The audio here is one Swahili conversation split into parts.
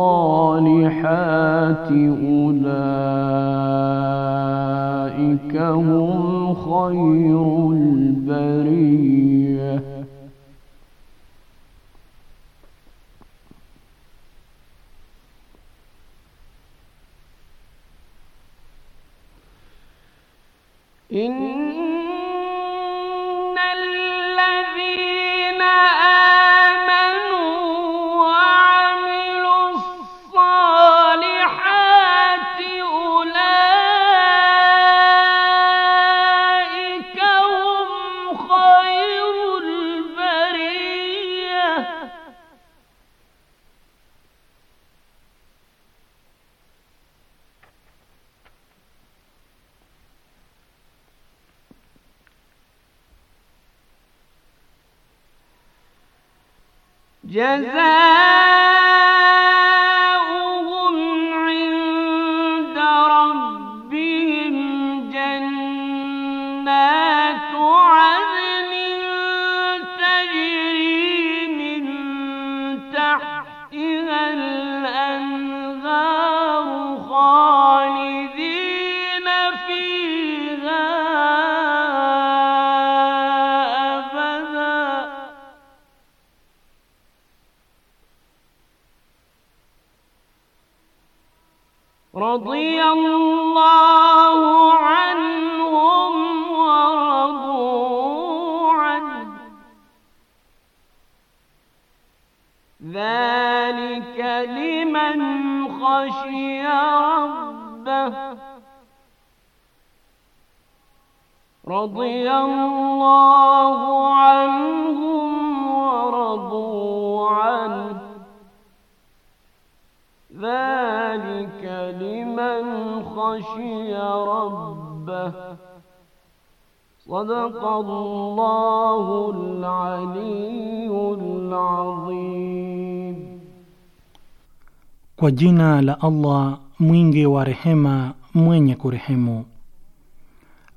الصالحات أولئك هم خير رضي الله عنهم ورضوا عنه ذلك لمن خشي ربه صدق الله العلي العظيم وجينا لالله la allah mwingi wa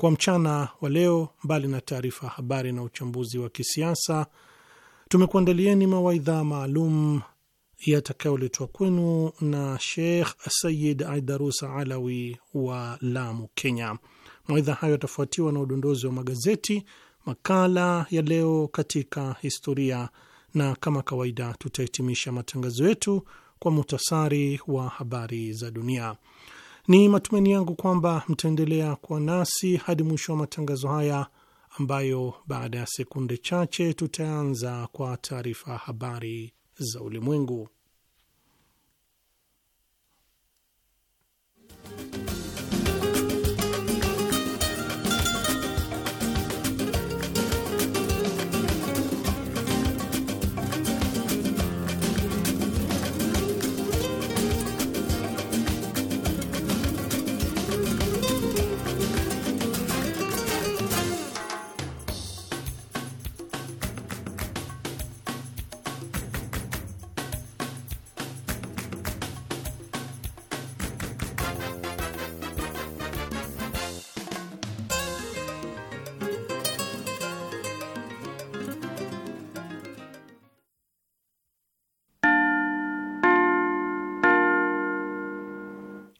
Kwa mchana wa leo, mbali na taarifa ya habari na uchambuzi wa kisiasa, tumekuandalieni mawaidha maalum yatakayoletwa kwenu na Sheikh Sayid Aidarus Alawi wa Lamu, Kenya. Mawaidha hayo yatafuatiwa na udondozi wa magazeti, makala ya leo katika historia, na kama kawaida tutahitimisha matangazo yetu kwa muhtasari wa habari za dunia. Ni matumaini yangu kwamba mtaendelea kuwa nasi hadi mwisho wa matangazo haya ambayo baada ya sekunde chache tutaanza kwa taarifa habari za ulimwengu.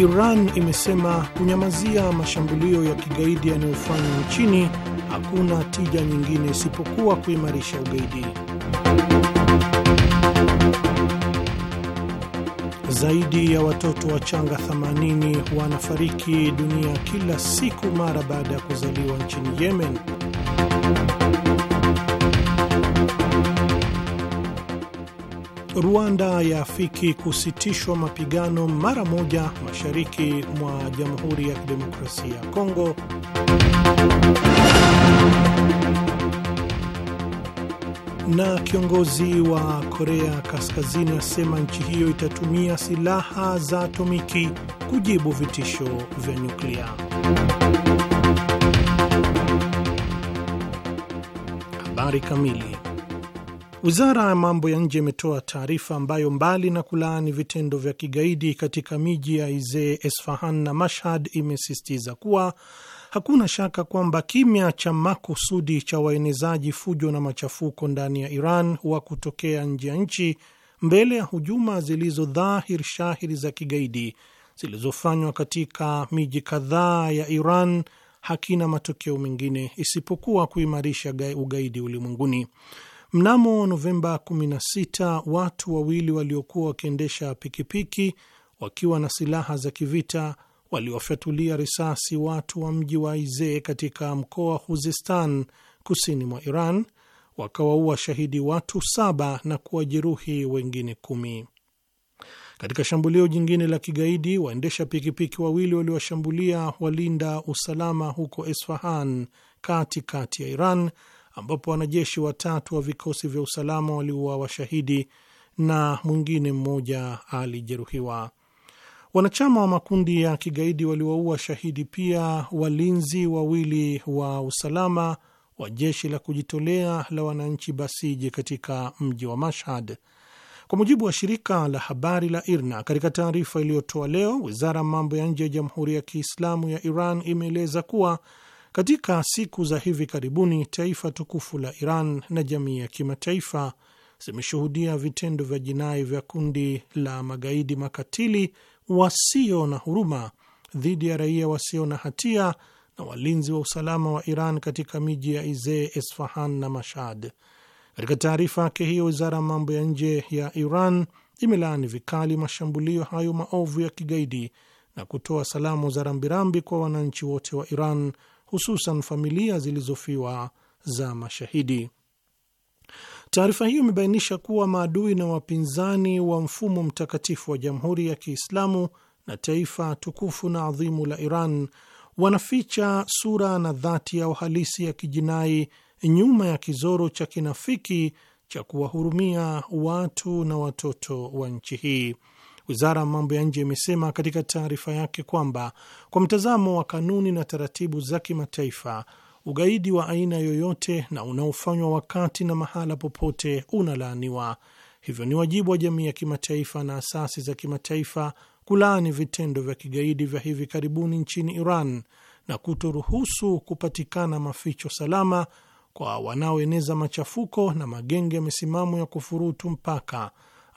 Iran imesema kunyamazia mashambulio ya kigaidi yanayofanywa nchini hakuna tija nyingine isipokuwa kuimarisha ugaidi. Zaidi ya watoto wachanga 80 wanafariki dunia kila siku mara baada ya kuzaliwa nchini Yemen. Rwanda yaafiki kusitishwa mapigano mara moja mashariki mwa Jamhuri ya Kidemokrasia ya Kongo. Na kiongozi wa Korea Kaskazini asema nchi hiyo itatumia silaha za atomiki kujibu vitisho vya nyuklia. Habari kamili Wizara ya mambo ya nje imetoa taarifa ambayo mbali na kulaani vitendo vya kigaidi katika miji ya Izee, Esfahan na Mashhad, imesisitiza kuwa hakuna shaka kwamba kimya cha makusudi cha waenezaji fujo na machafuko ndani ya Iran wa kutokea nje ya nchi mbele ya hujuma zilizo dhahir shahiri za kigaidi zilizofanywa katika miji kadhaa ya Iran hakina matokeo mengine isipokuwa kuimarisha ugaidi ulimwenguni. Mnamo Novemba 16 watu wawili waliokuwa wakiendesha pikipiki wakiwa na silaha za kivita waliwafyatulia risasi watu wa mji wa ize katika mkoa wa Khuzestan kusini mwa Iran, wakawaua shahidi watu saba na kuwajeruhi wengine kumi. Katika shambulio jingine la kigaidi, waendesha pikipiki wawili waliwashambulia walinda usalama huko Esfahan, katikati ya Iran ambapo wanajeshi watatu wa vikosi vya usalama waliuawa shahidi na mwingine mmoja alijeruhiwa. Wanachama wa makundi ya kigaidi waliwaua shahidi pia walinzi wawili wa usalama wa jeshi la kujitolea la wananchi Basiji katika mji wa Mashhad, kwa mujibu wa shirika la habari la IRNA. Katika taarifa iliyotoa leo, wizara ya mambo ya nje ya Jamhuri ya Kiislamu ya Iran imeeleza kuwa katika siku za hivi karibuni, taifa tukufu la Iran na jamii ya kimataifa zimeshuhudia vitendo vya jinai vya kundi la magaidi makatili wasio na huruma dhidi ya raia wasio na hatia na walinzi wa usalama wa Iran katika miji ya Izee, Esfahan na Mashhad. Katika taarifa yake hiyo, wizara ya mambo ya nje ya Iran imelaani vikali mashambulio hayo maovu ya kigaidi na kutoa salamu za rambirambi kwa wananchi wote wa Iran hususan familia zilizofiwa za mashahidi. Taarifa hiyo imebainisha kuwa maadui na wapinzani wa mfumo mtakatifu wa Jamhuri ya Kiislamu na taifa tukufu na adhimu la Iran wanaficha sura na dhati ya uhalisi ya kijinai nyuma ya kizoro cha kinafiki cha kuwahurumia watu na watoto wa nchi hii. Wizara ya mambo ya nje imesema katika taarifa yake kwamba kwa mtazamo wa kanuni na taratibu za kimataifa, ugaidi wa aina yoyote na unaofanywa wakati na mahala popote unalaaniwa. Hivyo ni wajibu wa jamii ya kimataifa na asasi za kimataifa kulaani vitendo vya kigaidi vya hivi karibuni nchini Iran na kutoruhusu kupatikana maficho salama kwa wanaoeneza machafuko na magenge ya misimamo ya kufurutu mpaka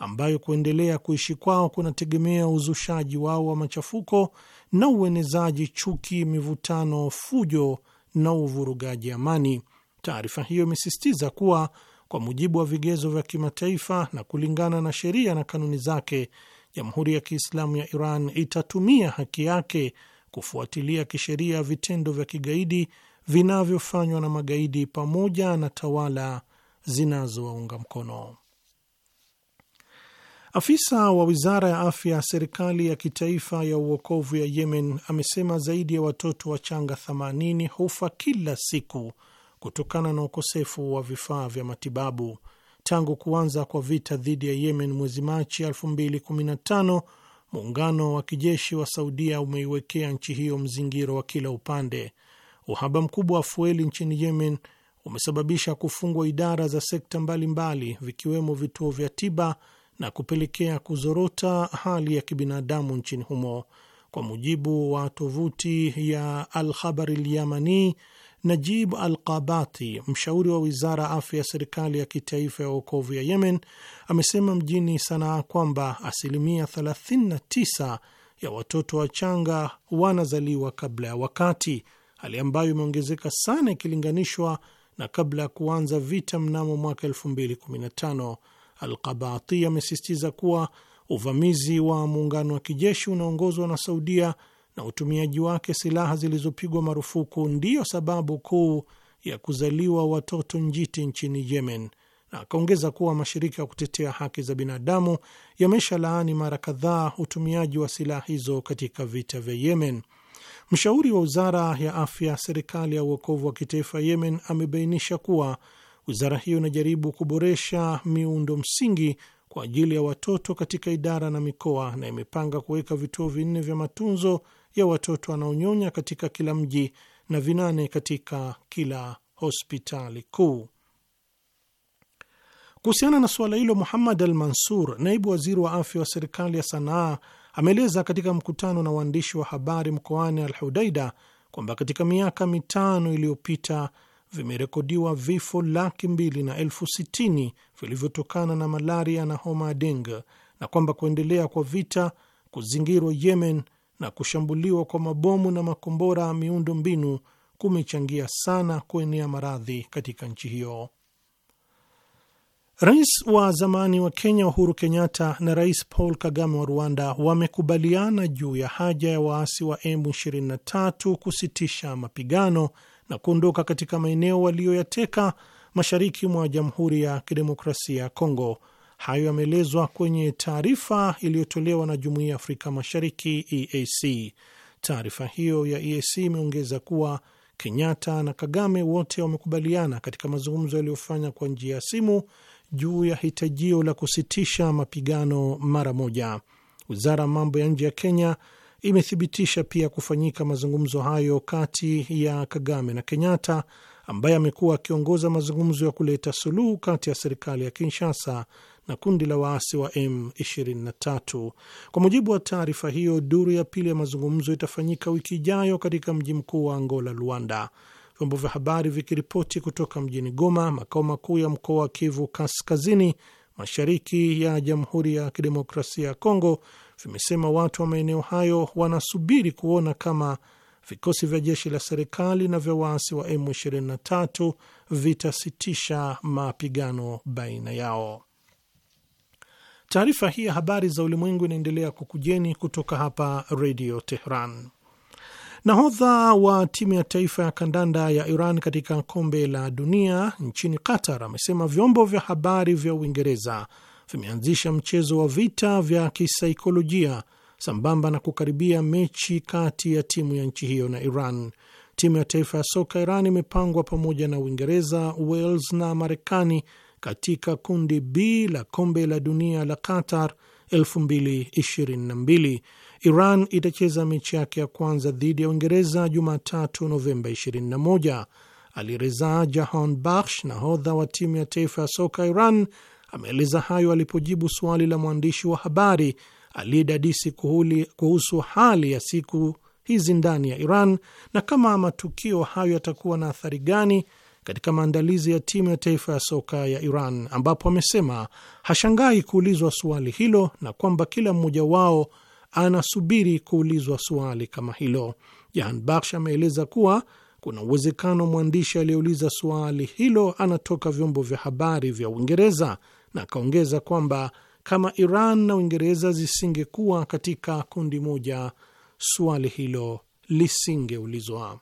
ambayo kuendelea kuishi kwao kunategemea uzushaji wao wa machafuko na uenezaji chuki, mivutano, fujo na uvurugaji amani. Taarifa hiyo imesisitiza kuwa kwa mujibu wa vigezo vya kimataifa na kulingana na sheria na kanuni zake, Jamhuri ya Kiislamu ya Iran itatumia haki yake kufuatilia kisheria vitendo vya kigaidi vinavyofanywa na magaidi pamoja na tawala zinazowaunga mkono. Afisa wa wizara ya afya serikali ya kitaifa ya uokovu ya Yemen amesema zaidi ya watoto wachanga 80 hufa kila siku kutokana na ukosefu wa vifaa vya matibabu tangu kuanza kwa vita dhidi ya Yemen mwezi Machi 2015. Muungano wa kijeshi wa Saudia umeiwekea nchi hiyo mzingiro wa kila upande. Uhaba mkubwa wa fueli nchini Yemen umesababisha kufungwa idara za sekta mbalimbali mbali, vikiwemo vituo vya tiba na kupelekea kuzorota hali ya kibinadamu nchini humo. Kwa mujibu wa tovuti ya Alkhabari Lyamani, Najib Al Qabati, mshauri wa wizara ya afya ya serikali ya kitaifa ya uokovu ya Yemen, amesema mjini Sanaa kwamba asilimia 39 ya watoto wachanga wanazaliwa kabla ya wakati, hali ambayo imeongezeka sana ikilinganishwa na kabla ya kuanza vita mnamo mwaka 2015 Alqabati amesisitiza kuwa uvamizi wa muungano wa kijeshi unaongozwa na Saudia na utumiaji wake silaha zilizopigwa marufuku ndiyo sababu kuu ya kuzaliwa watoto njiti nchini Yemen, na akaongeza kuwa mashirika ya kutetea haki za binadamu laani mara kadhaa utumiaji wa silaha hizo katika vita vya Yemen. Mshauri wa wizara ya afya serikali ya uokovu wa kitaifa Yemen amebainisha kuwa Wizara hiyo inajaribu kuboresha miundo msingi kwa ajili ya watoto katika idara na mikoa na imepanga kuweka vituo vinne vya matunzo ya watoto wanaonyonya katika kila mji na vinane katika kila hospitali kuu. Kuhusiana na suala hilo, Muhammad Al Mansur, naibu waziri wa afya wa serikali ya Sanaa, ameeleza katika mkutano na waandishi wa habari mkoani Al Hudaida kwamba katika miaka mitano iliyopita vimerekodiwa vifo laki mbili na elfu sitini vilivyotokana na malaria na homa ya dengue, na kwamba kuendelea kwa vita, kuzingirwa Yemen na kushambuliwa kwa mabomu na makombora ya miundo mbinu kumechangia sana kuenea maradhi katika nchi hiyo. Rais wa zamani wa Kenya Uhuru Kenyatta na Rais Paul Kagame wa Rwanda wamekubaliana juu ya haja ya waasi wa M23 kusitisha mapigano na kuondoka katika maeneo waliyoyateka mashariki mwa Jamhuri ya Kidemokrasia ya Kongo. Hayo yameelezwa kwenye taarifa iliyotolewa na Jumuiya ya Afrika Mashariki, EAC. Taarifa hiyo ya EAC imeongeza kuwa Kenyatta na Kagame wote wamekubaliana katika mazungumzo yaliyofanya kwa njia ya simu juu ya hitajio la kusitisha mapigano mara moja. Wizara ya mambo ya nje ya Kenya imethibitisha pia kufanyika mazungumzo hayo kati ya Kagame na Kenyatta, ambaye amekuwa akiongoza mazungumzo ya kuleta suluhu kati ya serikali ya Kinshasa na kundi la waasi wa M23. Kwa mujibu wa taarifa hiyo, duru ya pili ya mazungumzo itafanyika wiki ijayo katika mji mkuu wa Angola, Luanda, vyombo vya habari vikiripoti kutoka mjini Goma, makao makuu ya mkoa wa Kivu Kaskazini, mashariki ya Jamhuri ya Kidemokrasia ya Kongo, vimesema watu wa maeneo hayo wanasubiri kuona kama vikosi vya jeshi la serikali na vya waasi wa M23 vitasitisha mapigano baina yao. Taarifa hii ya habari za ulimwengu inaendelea kukujeni kutoka hapa Redio Tehran. Nahodha wa timu ya taifa ya kandanda ya Iran katika kombe la dunia nchini Qatar amesema vyombo vya habari vya Uingereza vimeanzisha mchezo wa vita vya kisaikolojia sambamba na kukaribia mechi kati ya timu ya nchi hiyo na Iran. Timu ya taifa ya soka Iran imepangwa pamoja na Uingereza, Wales na Marekani katika kundi B la kombe la dunia la Qatar 2022. Iran itacheza mechi yake ya kwanza dhidi ya Uingereza Jumatatu, Novemba 21. Alireza Jahan Bakhsh, nahodha wa timu ya taifa ya soka Iran, Ameeleza hayo alipojibu suali la mwandishi wa habari aliyedadisi kuhusu hali ya siku hizi ndani ya Iran na kama matukio hayo yatakuwa na athari gani katika maandalizi ya timu ya taifa ya soka ya Iran, ambapo amesema hashangai kuulizwa suali hilo na kwamba kila mmoja wao anasubiri kuulizwa suali kama hilo. Jahan Bakhsh ameeleza kuwa kuna uwezekano mwandishi aliyeuliza suali hilo anatoka vyombo vya habari vya Uingereza na akaongeza kwamba kama Iran na Uingereza zisingekuwa katika kundi moja, suali hilo lisingeulizwa.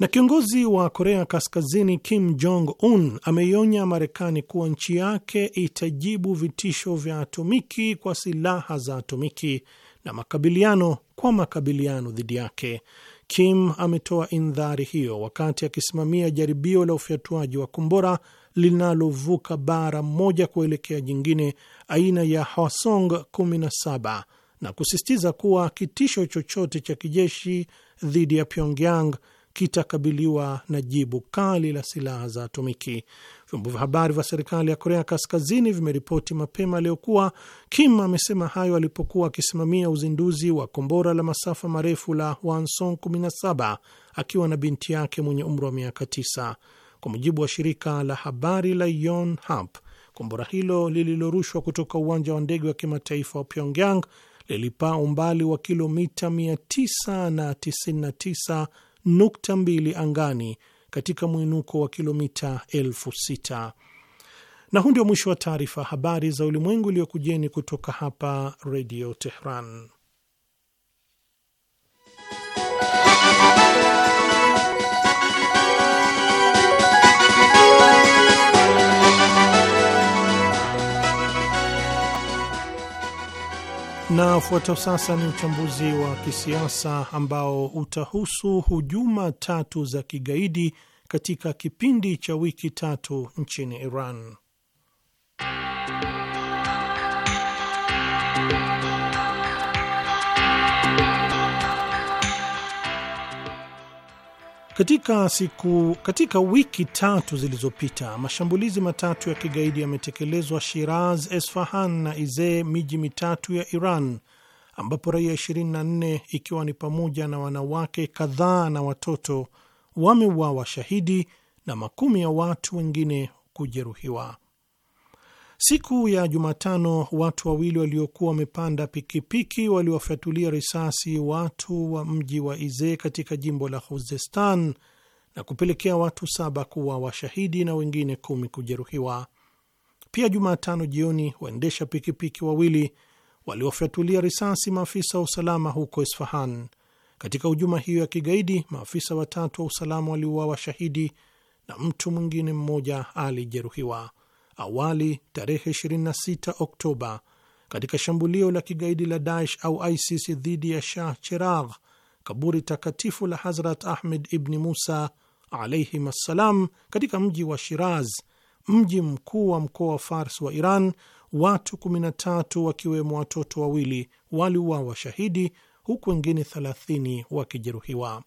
Na kiongozi wa Korea Kaskazini Kim Jong Un ameionya Marekani kuwa nchi yake itajibu vitisho vya atomiki kwa silaha za atomiki na makabiliano kwa makabiliano dhidi yake. Kim ametoa indhari hiyo wakati akisimamia jaribio la ufyatuaji wa kombora linalovuka bara moja kuelekea jingine aina ya Hwasong 17 na kusisitiza kuwa kitisho chochote cha kijeshi dhidi ya Pyongyang kitakabiliwa na jibu kali la silaha za atomiki. Vyombo vya habari vya serikali ya Korea Kaskazini vimeripoti mapema leo kuwa Kim amesema hayo alipokuwa akisimamia uzinduzi wa kombora la masafa marefu la Hwasong 17 akiwa na binti yake mwenye umri wa miaka 9. Kwa mujibu wa shirika la habari la Yonhap, kombora hilo lililorushwa kutoka uwanja wa ndege wa kimataifa wa Pyongyang lilipaa umbali wa kilomita 999.2 angani katika mwinuko wa kilomita 6 Na huu ndio mwisho wa taarifa habari za ulimwengu iliyokujeni kutoka hapa Redio Tehran. Na ufuatao sasa ni uchambuzi wa kisiasa ambao utahusu hujuma tatu za kigaidi katika kipindi cha wiki tatu nchini Iran. Katika siku katika wiki tatu zilizopita mashambulizi matatu ya kigaidi yametekelezwa Shiraz, Esfahan na Izee, miji mitatu ya Iran, ambapo raia 24 ikiwa ni pamoja na wanawake kadhaa na watoto wameuawa shahidi na makumi ya watu wengine kujeruhiwa. Siku ya Jumatano, watu wawili waliokuwa wamepanda pikipiki waliwafyatulia risasi watu wa mji wa ize katika jimbo la Khuzestan na kupelekea watu saba kuwa washahidi na wengine kumi kujeruhiwa. Pia Jumatano jioni waendesha pikipiki wawili waliwafyatulia risasi maafisa wa usalama huko Isfahan. Katika hujuma hiyo ya kigaidi, maafisa watatu wa usalama waliuawa shahidi na mtu mwingine mmoja alijeruhiwa awali tarehe 26 Oktoba katika shambulio la kigaidi la Daesh au ISIS dhidi ya Shah Cheragh, kaburi takatifu la Hazrat Ahmed Ibni Musa alaihim assalam, katika mji wa Shiraz, mji mkuu wa mkoa wa Fars wa Iran, watu 13 wakiwemo watoto wawili waliuawa shahidi, huku wengine 30 wakijeruhiwa.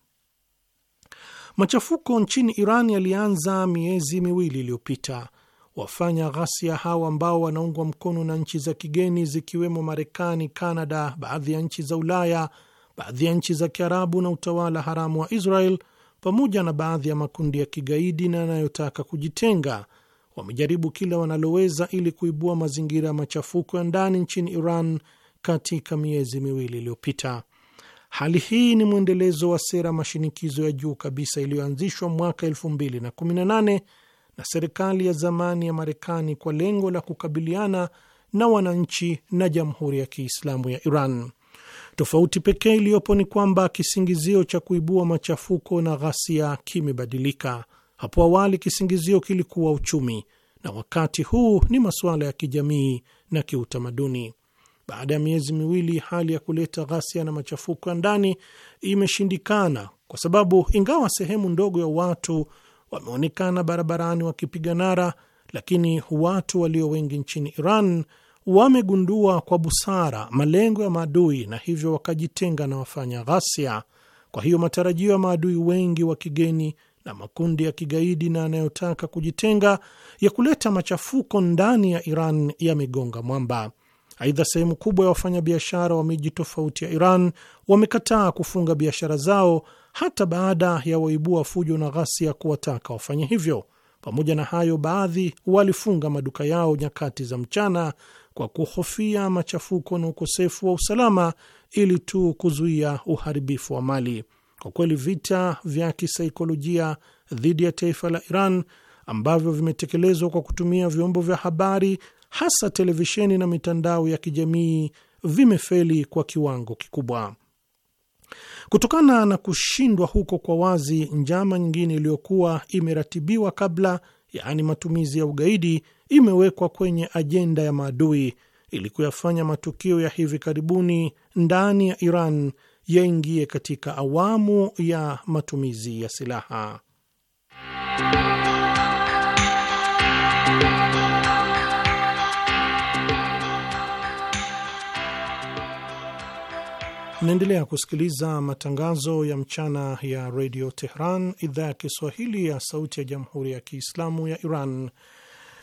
Machafuko nchini Iran yalianza miezi miwili iliyopita wafanya ghasia hao ambao wanaungwa mkono na nchi za kigeni zikiwemo Marekani, Kanada, baadhi ya nchi za Ulaya, baadhi ya nchi za Kiarabu na utawala haramu wa Israel pamoja na baadhi ya makundi ya kigaidi na yanayotaka kujitenga wamejaribu kila wanaloweza ili kuibua mazingira ya machafuko ya ndani nchini Iran katika miezi miwili iliyopita. Hali hii ni mwendelezo wa sera mashinikizo ya juu kabisa iliyoanzishwa mwaka 2018 na serikali ya zamani ya Marekani kwa lengo la kukabiliana na wananchi na Jamhuri ya Kiislamu ya Iran. Tofauti pekee iliyopo ni kwamba kisingizio cha kuibua machafuko na ghasia kimebadilika. Hapo awali kisingizio kilikuwa uchumi, na wakati huu ni masuala ya kijamii na kiutamaduni. Baada ya miezi miwili, hali ya kuleta ghasia na machafuko ya ndani imeshindikana, kwa sababu ingawa sehemu ndogo ya watu wameonekana barabarani wakipiga nara, lakini watu walio wengi nchini Iran wamegundua kwa busara malengo ya maadui na hivyo wakajitenga na wafanya ghasia. Kwa hiyo matarajio ya maadui wengi wa kigeni na makundi ya kigaidi na yanayotaka kujitenga ya kuleta machafuko ndani ya Iran yamegonga mwamba. Aidha, sehemu kubwa ya wafanyabiashara wa miji tofauti ya Iran wamekataa kufunga biashara zao hata baada ya waibua fujo na ghasia kuwataka wafanye hivyo. Pamoja na hayo, baadhi walifunga maduka yao nyakati za mchana kwa kuhofia machafuko na ukosefu wa usalama ili tu kuzuia uharibifu wa mali. Kwa kweli, vita vya kisaikolojia dhidi ya taifa la Iran ambavyo vimetekelezwa kwa kutumia vyombo vya habari, hasa televisheni na mitandao ya kijamii, vimefeli kwa kiwango kikubwa. Kutokana na kushindwa huko kwa wazi, njama nyingine iliyokuwa imeratibiwa kabla, yaani matumizi ya ugaidi, imewekwa kwenye ajenda ya maadui ili kuyafanya matukio ya hivi karibuni ndani ya Iran yaingie katika awamu ya matumizi ya silaha. naendelea kusikiliza matangazo ya mchana ya redio Tehran, idhaa ya Kiswahili ya sauti ya jamhuri ya Kiislamu ya Iran.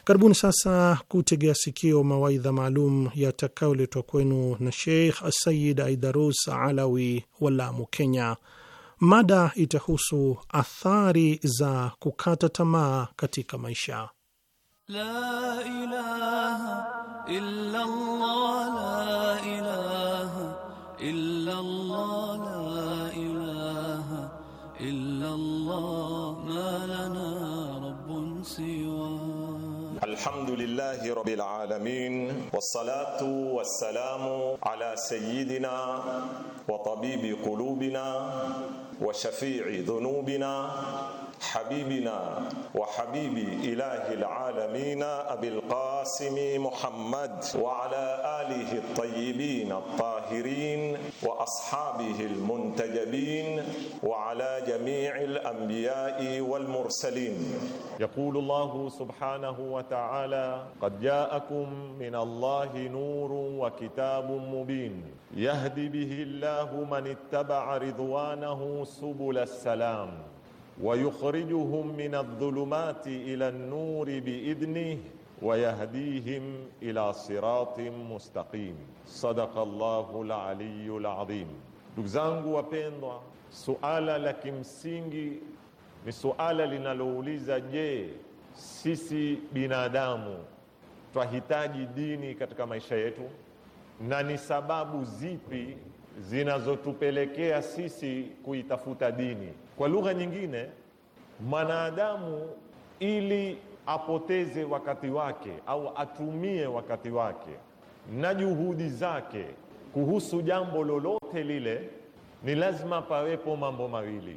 Karibuni sasa kutegea sikio mawaidha maalum yatakayoletwa kwenu na Sheikh Sayid Aidarus Alawi wa Lamu, Kenya. Mada itahusu athari za kukata tamaa katika maisha. La ilaha illa Allah, la ilaha إلا الله لا إله إلا الله ما لنا رب سواه الحمد لله رب العالمين والصلاة والسلام على سيدنا وطبيب قلوبنا وشفيع ذنوبنا حبيبنا وحبيب إله العالمين أبي القاسم محمد وعلى آله الطيبين الطاهرين الطاهرين واصحابه المنتجبين وعلى جميع الانبياء والمرسلين يقول الله سبحانه وتعالى قد جاءكم من الله نور وكتاب مبين يهدي به الله من اتبع رضوانه سبل السلام ويخرجهم من الظلمات الى النور باذنه wayahdihim ila siratin mustaqim. Sadaqa llahu laliyu ladhim. Ndugu zangu wapendwa, suala la kimsingi ni suala linalouliza je, sisi binadamu twahitaji dini katika maisha yetu, na ni sababu zipi zinazotupelekea sisi kuitafuta dini? Kwa lugha nyingine, mwanadamu ili apoteze wakati wake au atumie wakati wake na juhudi zake kuhusu jambo lolote lile, ni lazima pawepo mambo mawili.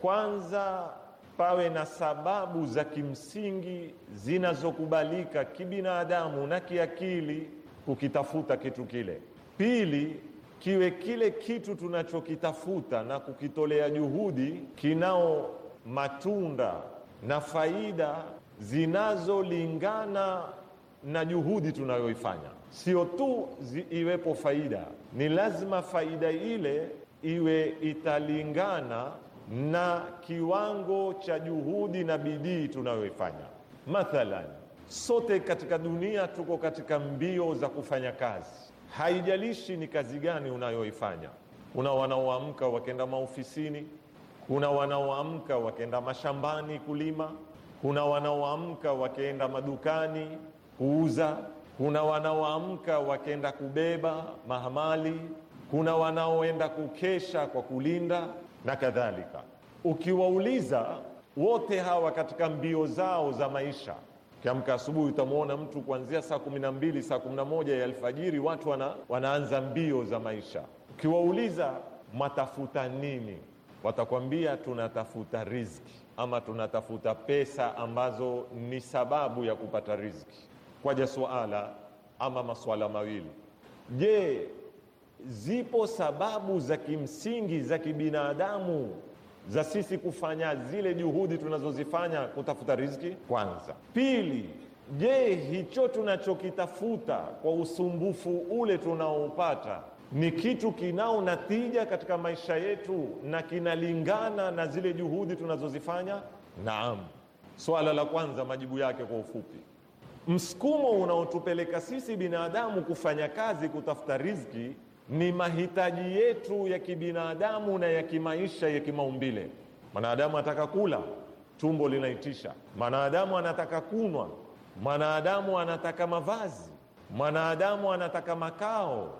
Kwanza, pawe na sababu za kimsingi zinazokubalika kibinadamu na kiakili kukitafuta kitu kile. Pili, kiwe kile kitu tunachokitafuta na kukitolea juhudi kinao matunda na faida zinazolingana na juhudi tunayoifanya. Sio tu iwepo faida, ni lazima faida ile iwe italingana na kiwango cha juhudi na bidii tunayoifanya. Mathalan, sote katika dunia tuko katika mbio za kufanya kazi, haijalishi ni kazi gani unayoifanya. Kuna wanaoamka wakenda maofisini, kuna wanaoamka wakenda mashambani kulima kuna wanaoamka wakienda madukani kuuza, kuna wanaoamka wakienda kubeba mahamali, kuna wanaoenda kukesha kwa kulinda na kadhalika. Ukiwauliza wote hawa katika mbio zao za maisha, ukiamka asubuhi utamwona mtu kuanzia saa kumi na mbili saa kumi na moja ya alfajiri, watu wana, wanaanza mbio za maisha. Ukiwauliza mwatafuta nini, watakwambia tunatafuta riziki ama tunatafuta pesa ambazo ni sababu ya kupata riziki. Kwaja suala ama maswala mawili. Je, zipo sababu za kimsingi za kibinadamu za sisi kufanya zile juhudi tunazozifanya kutafuta riziki kwanza? Pili, je, hicho tunachokitafuta kwa usumbufu ule tunaoupata ni kitu kinao natija katika maisha yetu na kinalingana na zile juhudi tunazozifanya? Naam. Swala la kwanza, majibu yake kwa ufupi, msukumo unaotupeleka sisi binadamu kufanya kazi kutafuta riziki ni mahitaji yetu ya kibinadamu na ya kimaisha, ya kimaumbile. Mwanadamu anataka kula, tumbo linaitisha. Mwanadamu anataka kunwa. Mwanadamu anataka mavazi. Mwanadamu anataka makao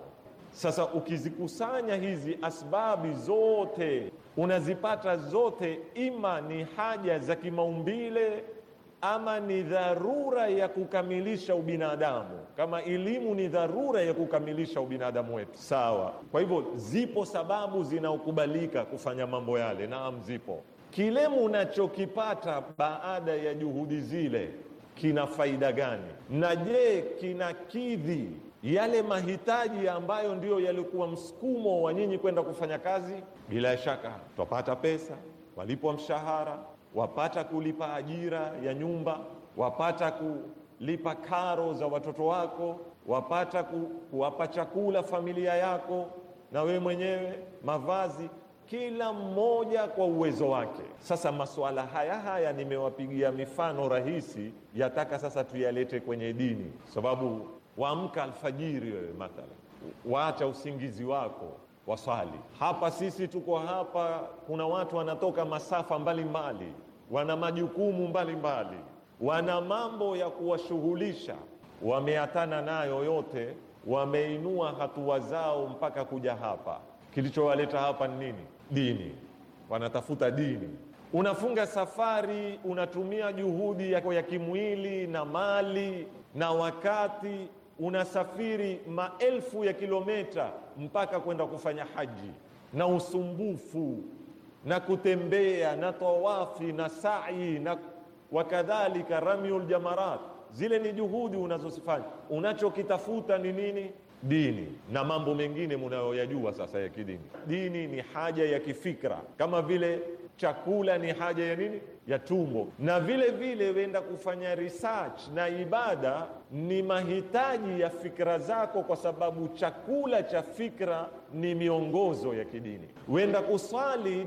sasa ukizikusanya hizi asbabi zote unazipata zote, ima ni haja za kimaumbile ama ni dharura ya kukamilisha ubinadamu. Kama elimu ni dharura ya kukamilisha ubinadamu wetu, sawa. Kwa hivyo zipo sababu zinaokubalika kufanya mambo yale, naam, zipo. Kile munachokipata baada ya juhudi zile kina faida gani, na je kinakidhi yale mahitaji ambayo ndiyo yalikuwa msukumo wa nyinyi kwenda kufanya kazi. Bila shaka twapata pesa, walipwa mshahara, wapata kulipa ajira ya nyumba, wapata kulipa karo za watoto wako, wapata ku, kuwapa chakula familia yako na wewe mwenyewe, mavazi, kila mmoja kwa uwezo wake. Sasa masuala haya haya nimewapigia mifano rahisi, yataka sasa tuyalete kwenye dini, sababu waamka alfajiri, wewe mathalan, waacha usingizi wako waswali hapa. Sisi tuko hapa, kuna watu wanatoka masafa mbalimbali mbali, wana majukumu mbalimbali mbali, wana mambo ya kuwashughulisha, wameatana nayo yote, wameinua hatua zao mpaka kuja hapa. Kilichowaleta hapa ni nini? Dini, wanatafuta dini. Unafunga safari, unatumia juhudi yako ya kimwili na mali na wakati unasafiri maelfu ya kilometa mpaka kwenda kufanya haji na usumbufu na kutembea na tawafi na sa'i na wakadhalika ramyul jamarat, zile ni juhudi unazozifanya. Unachokitafuta ni nini? Dini na mambo mengine mnayoyajua sasa ya kidini. Dini ni haja ya kifikra, kama vile Chakula ni haja ya nini? Ya tumbo. Na vile vile wenda kufanya research na ibada ni mahitaji ya fikra zako, kwa sababu chakula cha fikra ni miongozo ya kidini. Wenda kuswali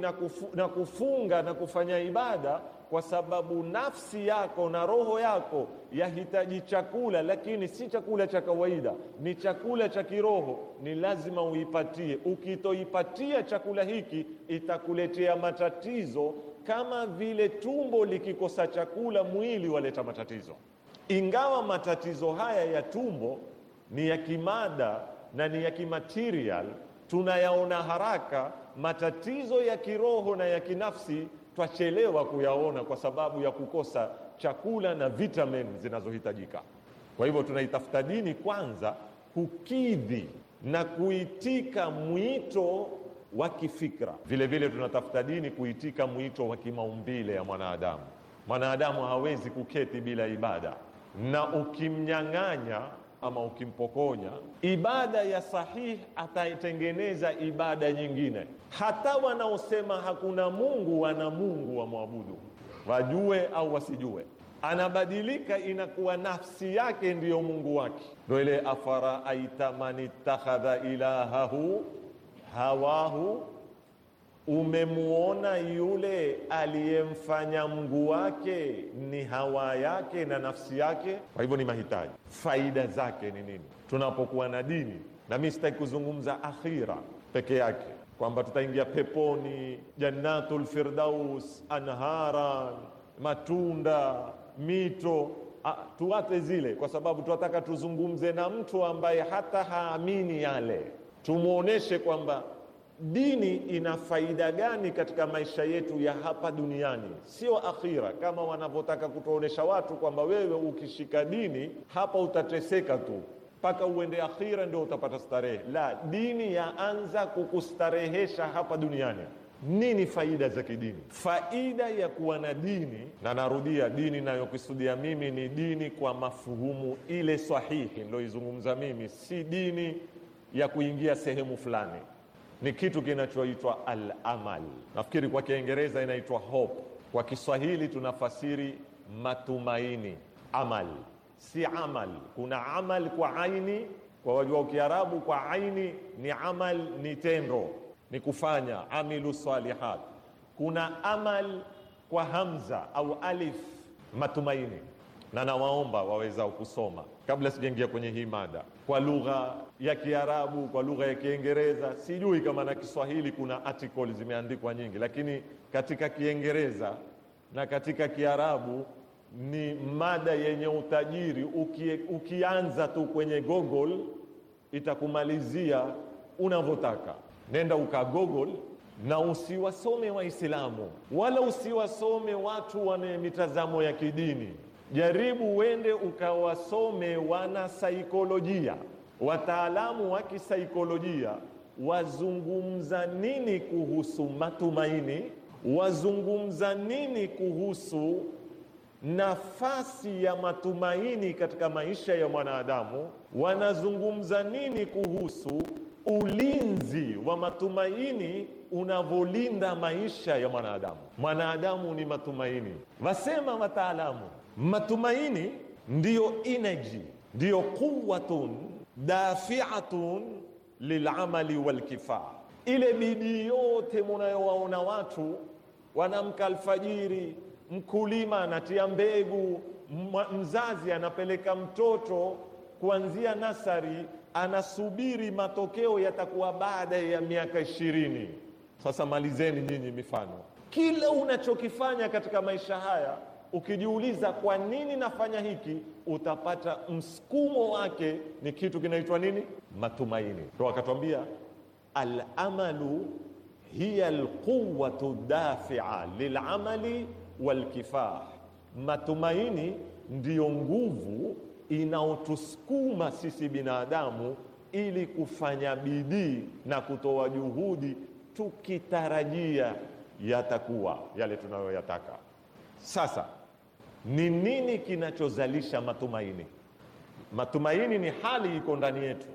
na kufunga na kufanya ibada kwa sababu nafsi yako na roho yako yahitaji chakula, lakini si chakula cha kawaida, ni chakula cha kiroho. Ni lazima uipatie. Ukitoipatia chakula hiki, itakuletea matatizo kama vile tumbo likikosa chakula, mwili waleta matatizo. Ingawa matatizo haya ya tumbo ni ya kimada na ni ya kimaterial, tunayaona haraka. Matatizo ya kiroho na ya kinafsi twachelewa kuyaona kwa sababu ya kukosa chakula na vitamin zinazohitajika. Kwa hivyo tunaitafuta dini kwanza kukidhi na kuitika mwito wa kifikra. Vile vile tunatafuta dini kuitika mwito wa kimaumbile ya mwanadamu. Mwanadamu hawezi kuketi bila ibada, na ukimnyang'anya ama ukimpokonya ibada ya sahih, ataitengeneza ibada nyingine. Hata wanaosema hakuna Mungu wana Mungu wa mwabudu, wajue au wasijue, anabadilika, inakuwa nafsi yake ndiyo Mungu wake. Ndo ile afaraaita man ittakhadha ilahahu hawahu umemuona yule aliyemfanya Mungu wake ni hawa yake na nafsi yake. Kwa hivyo ni mahitaji. Faida zake ni nini? Tunapokuwa na dini, na mi sitaki kuzungumza akhira peke yake kwamba tutaingia peponi, jannatul firdaus, anharan, matunda, mito tuwate zile, kwa sababu tunataka tuzungumze na mtu ambaye hata haamini yale, tumwonyeshe kwamba dini ina faida gani katika maisha yetu ya hapa duniani, sio akhira, kama wanavyotaka kutuonesha watu kwamba wewe ukishika dini hapa utateseka tu mpaka uende akhira ndio utapata starehe. La, dini yaanza kukustarehesha hapa duniani. Nini faida za kidini? Faida ya kuwa na dini, na narudia, dini nayokusudia mimi ni dini kwa mafuhumu ile sahihi niloizungumza mimi, si dini ya kuingia sehemu fulani ni kitu kinachoitwa al-amal. Nafikiri kwa Kiingereza inaitwa hope, kwa Kiswahili tunafasiri matumaini. Amal si amal, kuna amal kwa aini, kwa wajua Kiarabu kwa aini ni amal, ni tendo, ni kufanya, amilu salihat. Kuna amal kwa hamza au alif, matumaini. Na nawaomba waweza kusoma kabla sijaingia kwenye hii mada kwa lugha ya Kiarabu, kwa lugha ya Kiingereza. Sijui kama na Kiswahili kuna article zimeandikwa nyingi, lakini katika Kiingereza na katika Kiarabu ni mada yenye utajiri. Uki, ukianza tu kwenye Google itakumalizia unavyotaka. Nenda uka Google na usiwasome Waislamu wala usiwasome watu wana mitazamo ya kidini. Jaribu uende ukawasome wana saikolojia wataalamu wa kisaikolojia wazungumza nini kuhusu matumaini? Wazungumza nini kuhusu nafasi ya matumaini katika maisha ya mwanadamu? Wanazungumza nini kuhusu ulinzi wa matumaini unavyolinda maisha ya mwanadamu? Mwanadamu ni matumaini, wasema wataalamu. Matumaini ndiyo energy, ndiyo quwwatun dafiatun lilamali walkifaa. Ile bidii yote munayowaona watu wanamka alfajiri, mkulima anatia mbegu, mzazi anapeleka mtoto kuanzia nasari, anasubiri matokeo yatakuwa baada ya miaka ishirini. Sasa malizeni nyinyi mifano, kila unachokifanya katika maisha haya Ukijiuliza kwa nini nafanya hiki, utapata msukumo wake ni kitu kinaitwa nini? Matumaini. Ndo akatwambia alamalu hiya alquwwatu dafi'a lilamali walkifah, matumaini ndiyo nguvu inaotusukuma sisi binadamu ili kufanya bidii na kutoa juhudi, tukitarajia yatakuwa yale tunayoyataka. Sasa ni nini kinachozalisha matumaini? Matumaini ni hali iko ndani yetu,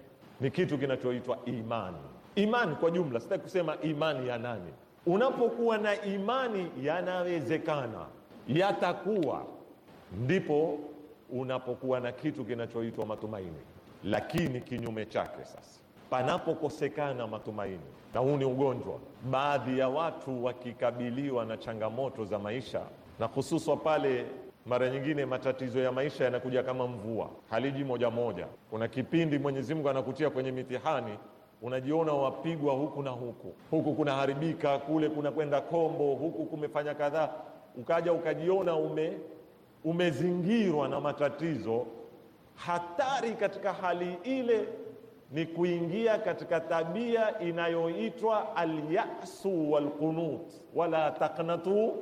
ni kitu kinachoitwa imani. Imani kwa jumla, sitaki kusema imani ya nani. Unapokuwa na imani, yanawezekana, yatakuwa, ndipo unapokuwa na kitu kinachoitwa matumaini. Lakini kinyume chake sasa, panapokosekana matumaini, na huu ni ugonjwa, baadhi ya watu wakikabiliwa na changamoto za maisha na hususwa pale mara nyingine matatizo ya maisha yanakuja kama mvua, haliji moja moja. Kuna kipindi Mwenyezi Mungu anakutia kwenye mitihani, unajiona wapigwa huku na huku, huku kunaharibika, kule kunakwenda kombo, huku kumefanya kadhaa, ukaja ukajiona ume umezingirwa na matatizo. Hatari katika hali ile ni kuingia katika tabia inayoitwa alyasu walqunut wala taqnatu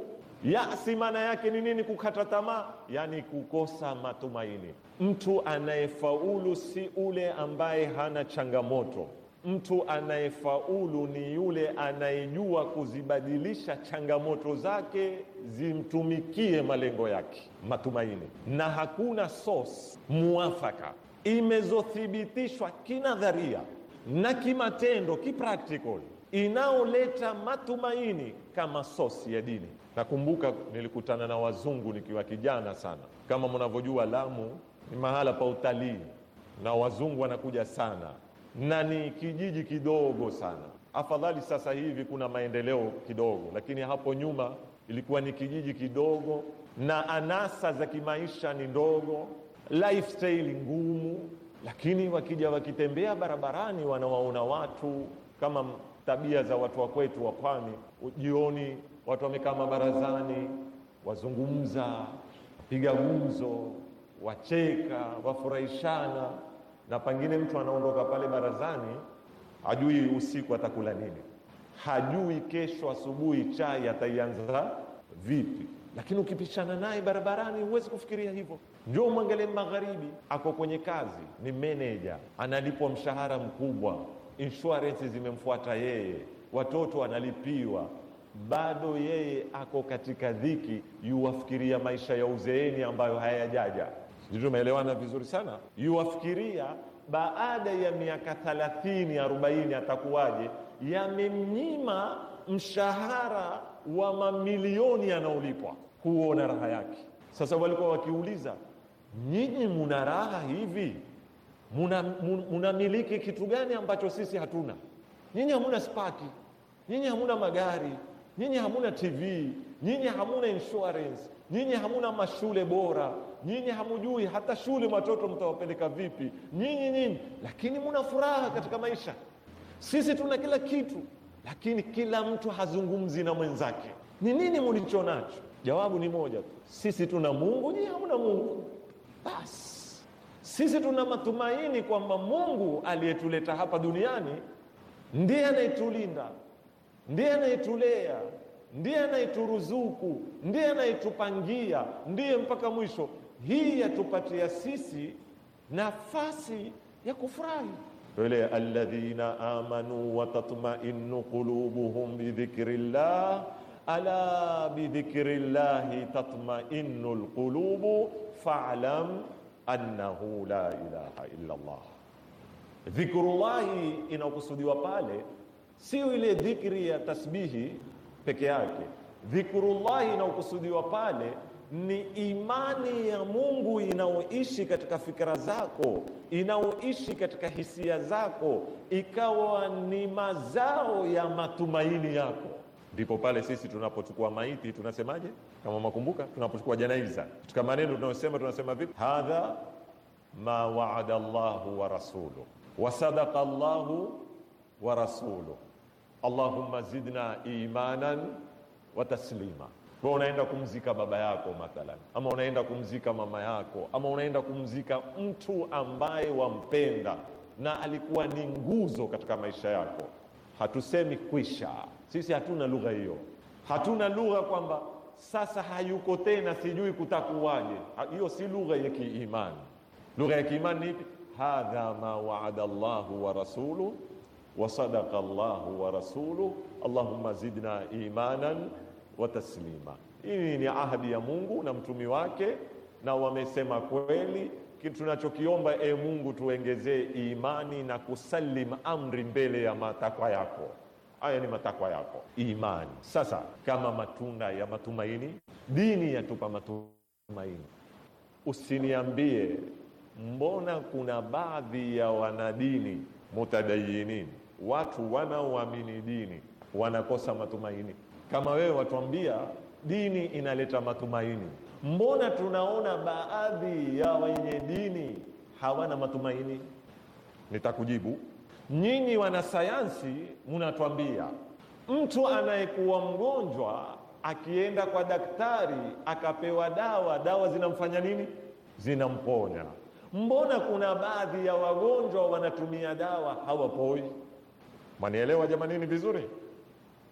Yasi maana yake ni nini? Kukata tamaa, yani kukosa matumaini. Mtu anayefaulu si ule ambaye hana changamoto. Mtu anayefaulu ni yule anayejua kuzibadilisha changamoto zake zimtumikie malengo yake, matumaini. Na hakuna source muafaka imezothibitishwa kinadharia na kimatendo, kipractical, inaoleta matumaini kama sos ya dini. Nakumbuka nilikutana na wazungu nikiwa kijana sana. Kama mnavyojua, Lamu ni mahala pa utalii na wazungu wanakuja sana, na ni kijiji kidogo sana. Afadhali sasa hivi kuna maendeleo kidogo, lakini hapo nyuma ilikuwa ni kijiji kidogo, na anasa za kimaisha ni ndogo, lifestyle ngumu. Lakini wakija wakitembea barabarani, wanawaona watu kama tabia za watu wa kwetu wa pwani, jioni watu wamekaa mabarazani, wazungumza, piga gumzo, wacheka, wafurahishana, na pengine mtu anaondoka pale barazani, hajui usiku atakula nini, hajui kesho asubuhi chai ataianza vipi lakini ukipishana naye barabarani huwezi kufikiria hivyo. Njo mwangalie magharibi, ako kwenye kazi, ni meneja, analipwa mshahara mkubwa, insurance zimemfuata yeye, watoto analipiwa, bado yeye ako katika dhiki, yuwafikiria maisha ya uzeeni ambayo hayajaja. Sijui tumeelewana vizuri sana. Yuwafikiria baada ya miaka 30 40 atakuwaje? Yamemnyima mshahara wa mamilioni anaolipwa kuona raha yake. Sasa walikuwa wakiuliza, nyinyi muna raha hivi? Munamiliki muna kitu gani ambacho sisi hatuna? Nyinyi hamuna spaki, nyinyi hamuna magari Nyinyi hamuna TV, nyinyi hamuna insurance, nyinyi hamuna mashule bora, nyinyi hamujui hata shule watoto mtawapeleka vipi, nyinyi nyinyi, lakini muna furaha katika maisha. Sisi tuna kila kitu, lakini kila mtu hazungumzi na mwenzake. Ni nini mlicho nacho? Jawabu ni moja tu, sisi tuna Mungu, nyinyi hamuna Mungu. Basi sisi tuna matumaini kwamba Mungu aliyetuleta hapa duniani ndiye anayetulinda ndiye anayetulea ndiye anayeturuzuku ndiye anayetupangia ndiye mpaka mwisho. Hii yatupatia sisi nafasi ya kufurahi ile alladhina amanu watatmainu qulubuhum bidhikrillah ala bidhikrillahi tatmainu lqulubu fa'lam annahu la ilaha illa Allah. Dhikrullahi inakusudiwa pale sio ile dhikri ya tasbihi peke yake. Dhikrullahi inaokusudiwa pale ni imani ya Mungu inaoishi katika fikra zako, inaoishi katika hisia zako, ikawa ni mazao ya matumaini yako. Ndipo pale sisi tunapochukua maiti tunasemaje? Kama makumbuka, tunapochukua janaiza, katika maneno tunayosema tunasema vipi? Hadha ma waada Allahu wa rasulu wa sadaqa llahu wa rasuluh Allahumma zidna imanan wa taslima. Wewe unaenda kumzika baba yako mathalan, ama unaenda kumzika mama yako, ama unaenda kumzika mtu ambaye wampenda na alikuwa ni nguzo katika maisha yako. Hatusemi kwisha, sisi hatuna lugha hiyo, hatuna lugha kwamba sasa hayuko tena, sijui kutakuwaje. Hiyo si lugha ya kiimani. Lugha ya kiimani ni ipi? Hadha ma waada Allahu wa rasuluhu sadaqa Allahu wa rasuluhu allahumma zidna imanan wa taslima. Hii ni ahadi ya Mungu na mtumi wake, na wamesema kweli. kitu Tunachokiomba e Mungu, tuengezee imani na kusalim amri mbele ya matakwa yako. Haya ni matakwa yako, imani sasa kama matunda ya matumaini. Dini yatupa matumaini. Usiniambie mbona kuna baadhi ya wanadini mutadayinin watu wanaoamini dini wanakosa matumaini. Kama wewe watuambia dini inaleta matumaini, mbona tunaona baadhi ya wenye dini hawana matumaini? Nitakujibu. Nyinyi wanasayansi mnatuambia mtu anayekuwa mgonjwa akienda kwa daktari akapewa dawa, dawa zinamfanya nini? Zinamponya. Mbona kuna baadhi ya wagonjwa wanatumia dawa hawapoi? Mwanielewa jamanini vizuri?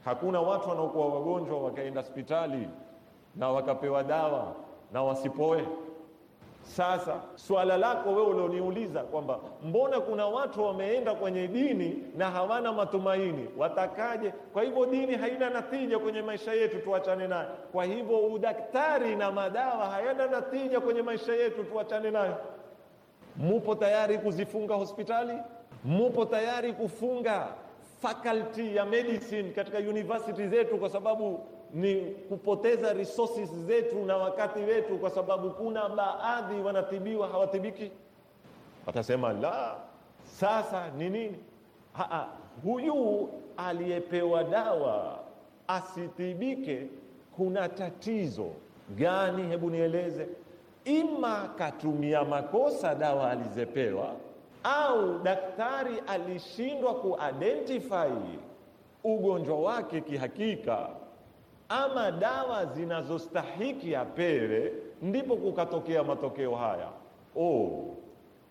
Hakuna watu wanaokuwa wagonjwa wakaenda hospitali na wakapewa dawa na wasipoe. Sasa swala lako wewe ulioniuliza kwamba mbona kuna watu wameenda kwenye dini na hawana matumaini, watakaje? Kwa hivyo dini haina natija kwenye maisha yetu, tuachane nayo. Kwa hivyo udaktari na madawa hayana natija kwenye maisha yetu, tuachane nayo. Mupo tayari kuzifunga hospitali? Mupo tayari kufunga faculty ya medicine katika university zetu, kwa sababu ni kupoteza resources zetu na wakati wetu, kwa sababu kuna baadhi wanatibiwa hawatibiki. Watasema la, sasa ni nini? Aa, huyu aliyepewa dawa asitibike, kuna tatizo gani? Hebu nieleze. Ima katumia makosa dawa alizepewa au daktari alishindwa kuidentify ugonjwa wake kihakika, ama dawa zinazostahiki apewe, ndipo kukatokea matokeo haya. Oh,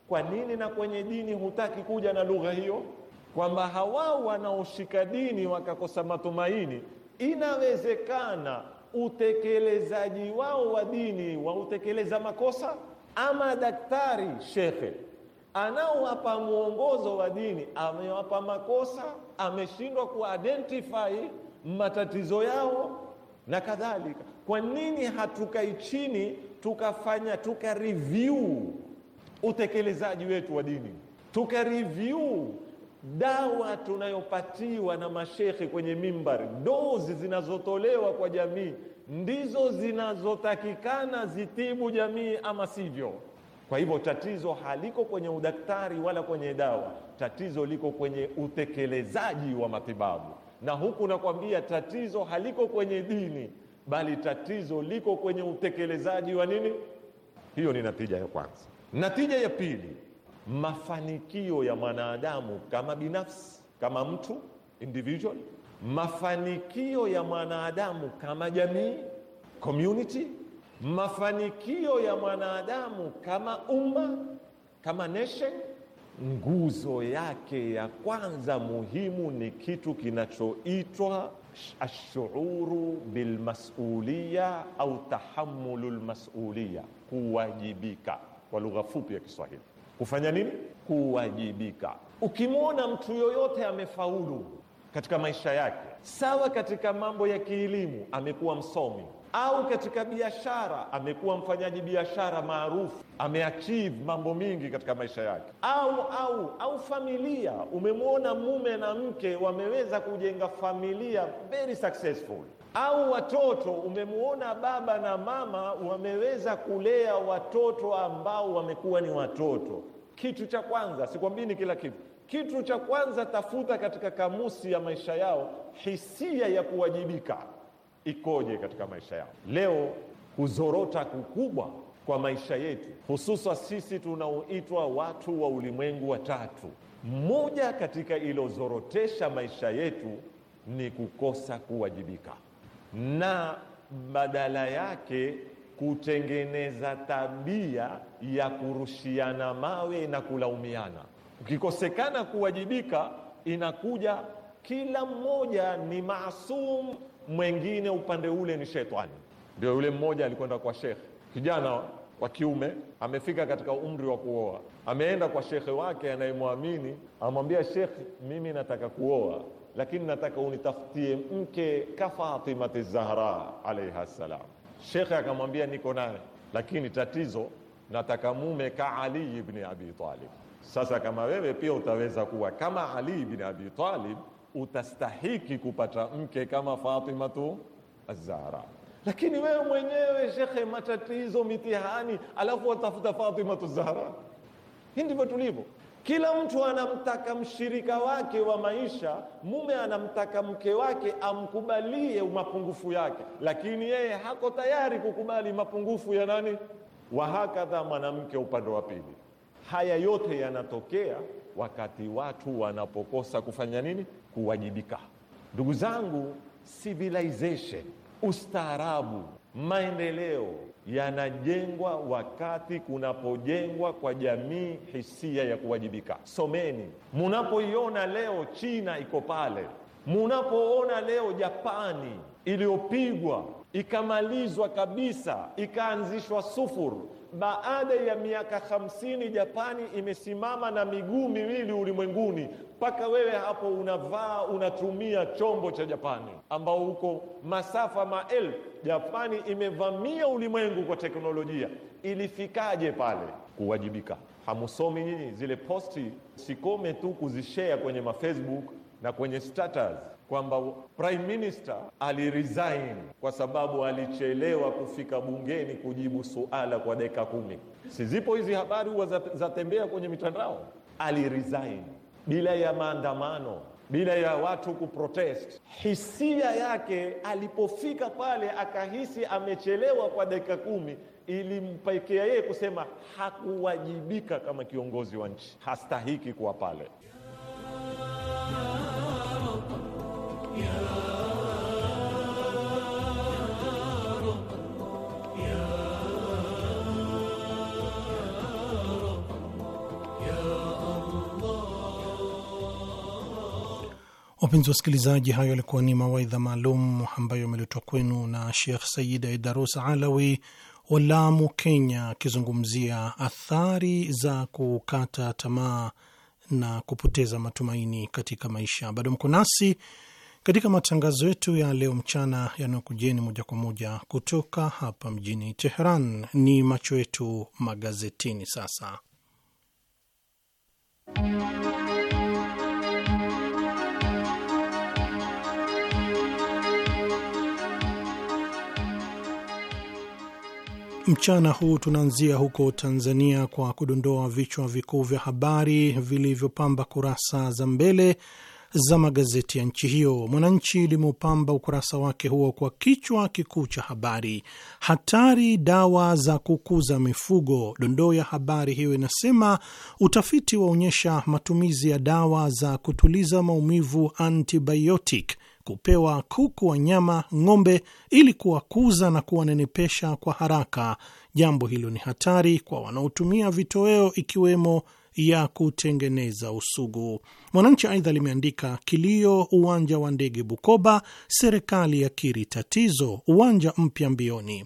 kwa nini na kwenye dini hutaki kuja na lugha hiyo, kwamba hawao wanaoshika dini wakakosa matumaini? Inawezekana utekelezaji wao wa dini wautekeleza makosa, ama daktari shekhe anaowapa mwongozo wa dini amewapa makosa, ameshindwa kuidentify matatizo yao na kadhalika. Kwa nini hatukai chini tukafanya tuka review utekelezaji wetu wa dini, tuka review dawa tunayopatiwa na mashekhe kwenye mimbari, dozi zinazotolewa kwa jamii ndizo zinazotakikana zitibu jamii, ama sivyo? Kwa hivyo tatizo haliko kwenye udaktari wala kwenye dawa, tatizo liko kwenye utekelezaji wa matibabu. Na huku nakwambia tatizo haliko kwenye dini, bali tatizo liko kwenye utekelezaji wa nini? Hiyo ni natija ya kwanza. Natija ya pili, mafanikio ya mwanadamu kama binafsi, kama mtu individual, mafanikio ya mwanadamu kama jamii community mafanikio ya mwanadamu kama umma, kama nation, nguzo yake ya kwanza muhimu ni kitu kinachoitwa ashuuru bilmasuliya au tahamulu lmasuliya, kuwajibika kwa lugha fupi ya Kiswahili. Kufanya nini? Kuwajibika. Ukimwona mtu yoyote amefaulu katika maisha yake, sawa, katika mambo ya kielimu amekuwa msomi au katika biashara, amekuwa mfanyaji biashara maarufu, ameachieve mambo mingi katika maisha yake, au au au familia, umemwona mume na mke wameweza kujenga familia very successful au watoto umemwona baba na mama wameweza kulea watoto ambao wamekuwa ni watoto. Kitu cha kwanza, sikwambii ni kila kitu, kitu cha kwanza tafuta katika kamusi ya maisha yao hisia ya kuwajibika ikoje katika maisha yao. Leo kuzorota kukubwa kwa maisha yetu, hususa sisi tunaoitwa watu wa ulimwengu wa tatu, mmoja katika ilozorotesha maisha yetu ni kukosa kuwajibika na badala yake kutengeneza tabia ya kurushiana mawe na kulaumiana. Ukikosekana kuwajibika, inakuja kila mmoja ni maasum mwengine upande ule ni shetani. Ndio yule mmoja alikwenda kwa shekhe, kijana wa kiume amefika katika umri wa kuoa, ameenda kwa shekhe wake anayemwamini, amwambia shekhe, mimi nataka kuoa, lakini nataka unitafutie mke ka Fatimati Zahra alaiha salam. Shekhe akamwambia niko naye, lakini tatizo nataka mume ka Ali ibn Abi Talib. Sasa kama wewe pia utaweza kuwa kama Ali ibn Abi Talib utastahiki kupata mke kama Fatima tu zahra Lakini wewe mwenyewe shekhe, matatizo, mitihani, alafu watafuta tu Zahra. Hii ndivyo tulivyo. Kila mtu anamtaka mshirika wake wa maisha, mume anamtaka mke wake amkubalie mapungufu yake, lakini yeye hako tayari kukubali mapungufu ya nani. Wahakadha mwanamke upande wa pili. Haya yote yanatokea wakati watu wanapokosa kufanya nini? Kuwajibika. Ndugu zangu, civilization, ustaarabu, maendeleo yanajengwa wakati kunapojengwa kwa jamii hisia ya kuwajibika. Someni, munapoiona leo China iko pale, munapoona leo Japani iliyopigwa ikamalizwa kabisa, ikaanzishwa sufuru baada ya miaka hamsini Japani imesimama na miguu miwili ulimwenguni, mpaka wewe hapo unavaa unatumia chombo cha Japani ambao huko masafa maelfu. Japani imevamia ulimwengu kwa teknolojia, ilifikaje pale? Kuwajibika. Hamusomi nyinyi zile posti, sikome tu kuzishare kwenye mafacebook na kwenye status kwamba prime minister aliresign kwa sababu alichelewa kufika bungeni kujibu suala kwa dakika kumi. Sizipo hizi habari huwa zatembea kwenye mitandao. Aliresign bila ya maandamano, bila ya watu kuprotest. Hisia yake alipofika pale, akahisi amechelewa kwa dakika kumi, ilimpekea yeye kusema hakuwajibika kama kiongozi wa nchi, hastahiki kuwa pale. Wapenzi wasikilizaji, hayo yalikuwa ni mawaidha maalum ambayo yameletwa kwenu na Shekh Sayid Aidarus Alawi wa Lamu, Kenya, akizungumzia athari za kukata tamaa na kupoteza matumaini katika maisha. Bado mko nasi katika matangazo yetu ya leo mchana yanayokujeni moja kwa moja kutoka hapa mjini Teheran. Ni macho yetu magazetini sasa Mchana huu tunaanzia huko Tanzania kwa kudondoa vichwa vikuu vya habari vilivyopamba kurasa za mbele za magazeti ya nchi hiyo. Mwananchi limeupamba ukurasa wake huo kwa kichwa kikuu cha habari, hatari dawa za kukuza mifugo. Dondoo ya habari hiyo inasema utafiti waonyesha matumizi ya dawa za kutuliza maumivu antibiotic kupewa kuku wa nyama, ng'ombe, ili kuwakuza na kuwanenepesha kwa haraka. Jambo hilo ni hatari kwa wanaotumia vitoweo ikiwemo ya kutengeneza usugu. Mwananchi aidha limeandika kilio, uwanja wa ndege Bukoba, serikali yakiri tatizo, uwanja mpya mbioni